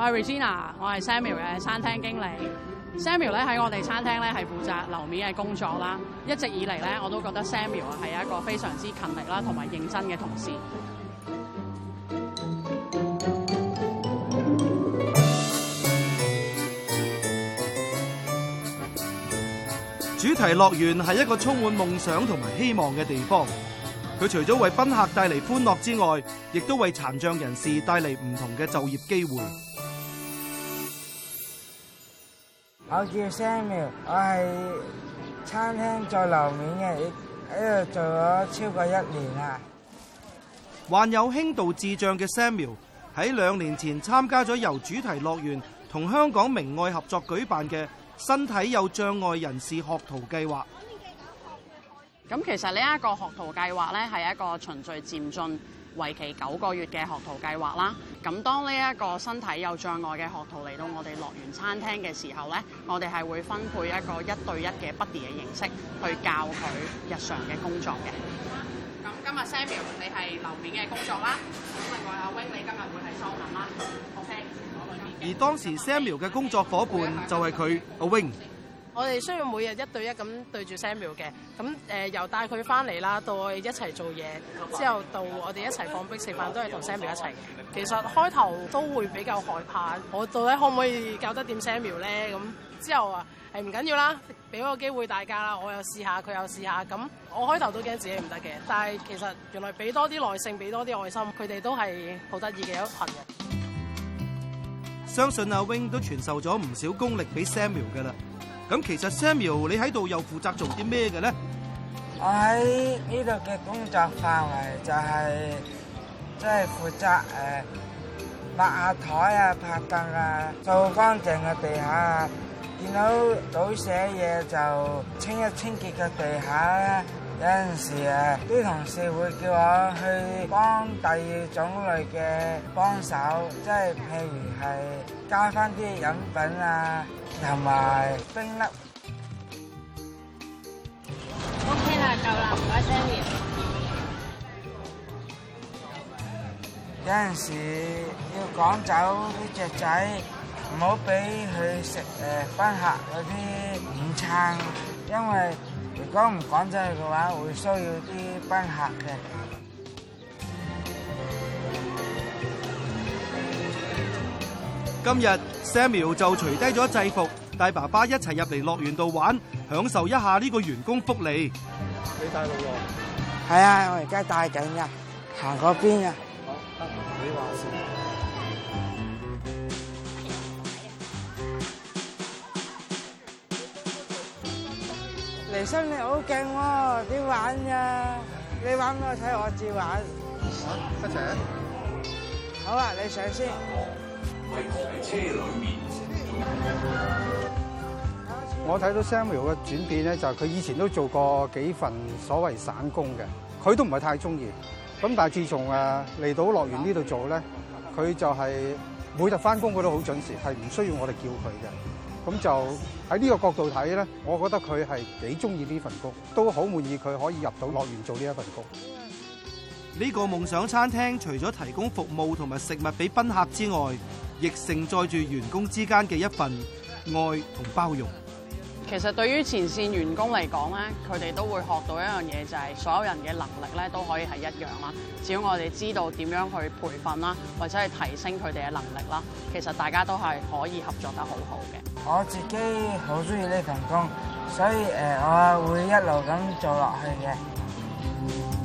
我係 Regina，我係 Samuel 嘅餐廳經理。Samuel 咧，喺我哋餐廳咧，係負責樓面嘅工作啦。一直以嚟咧，我都覺得 Samuel 啊，係一個非常之勤力啦，同埋認真嘅同事。主題樂園係一個充滿夢想同埋希望嘅地方。佢除咗為賓客帶嚟歡樂之外，亦都為殘障人士帶嚟唔同嘅就業機會。.我叫 Samuel，我係餐廳做樓面嘅，喺度做咗超過一年啦。患有輕度智障嘅 Samuel 喺兩年前參加咗由主題樂園同香港明愛合作舉辦嘅身體有障礙人士學徒計劃。咁其實呢一個學徒計劃咧係一個循序漸進，為期九個月嘅學徒計劃啦，咁當呢一個身體有障礙嘅學徒嚟到我哋樂園餐廳嘅時候咧，我哋係會分配一個一對一嘅 buddy 嘅形式去教佢日常嘅工作嘅。咁今日 Samuel 你係樓面嘅工作啦，咁另外阿 Wing 你今日會係收銀啦，OK。而當時 Samuel 嘅工作伙伴就係佢阿 Wing 我哋需要每日一對一咁對住 Samuel 嘅，咁、呃、由帶佢翻嚟啦，到我哋一齊做嘢，之後到我哋一齊放逼食飯都係同 Samuel 一齊。其實開頭都會比較害怕，我到底可唔可以搞得掂 Samuel 咧？咁之後啊，誒唔緊要啦，俾個機會大家啦，我又試下，佢又試下，咁我開頭都驚自己唔得嘅，但係其實原來俾多啲耐性，俾多啲愛心，佢哋都係好得意嘅一群人。相信阿 Wing 都傳授咗唔少功力俾 Samuel 㗎啦。咁其實 Samuel，你喺度又負責做啲咩嘅咧？我喺呢度嘅工作範圍就係即係負責誒抹下台啊、拍凳啊、掃乾淨嘅地下啊，見到倒瀉嘢就清一清潔嘅地下。有陣時誒，啲同事會叫我去幫第二種類嘅幫手，即係譬如係加返啲飲品啊，同埋冰粒。OK 啦，夠啦，唔該曬你。有陣時要趕走啲雀仔，唔好俾佢食誒賓客嗰啲午餐，因為。如果唔講出嘅話，會需要啲賓客嘅。今日 Samuel 就除低咗制服，帶爸爸一齊入嚟樂園度玩，享受一下呢個員工福利。你帶路喎？係啊，我而家帶緊啊，行嗰邊啊。好，你話事。衛生好勁喎，點玩呀？你玩俾我睇，我照玩。唔使，不請。好啊，你上先。為何喺車裡面？我睇到 Samuel 嘅轉變咧，就係佢以前都做過幾份所謂散工嘅，佢都唔係太中意。咁但係自從誒嚟到樂園呢度做咧，佢就係每日返工佢都好準時，係唔需要我哋叫佢嘅。咁就喺呢個角度睇咧，我覺得佢係幾中意呢份工，都好滿意佢可以入到樂園做呢一份工。呢個夢想餐廳除咗提供服務同埋食物俾賓客之外，亦承載住員工之間嘅一份愛同包容。其實對於前線員工嚟講咧，佢哋都會學到一樣嘢，就係所有人嘅能力咧都可以係一樣啦。只要我哋知道點樣去培訓啦，或者係提升佢哋嘅能力啦，其實大家都係可以合作得好好嘅。我自己好中意呢份工，所以誒，我會一路咁做落去嘅。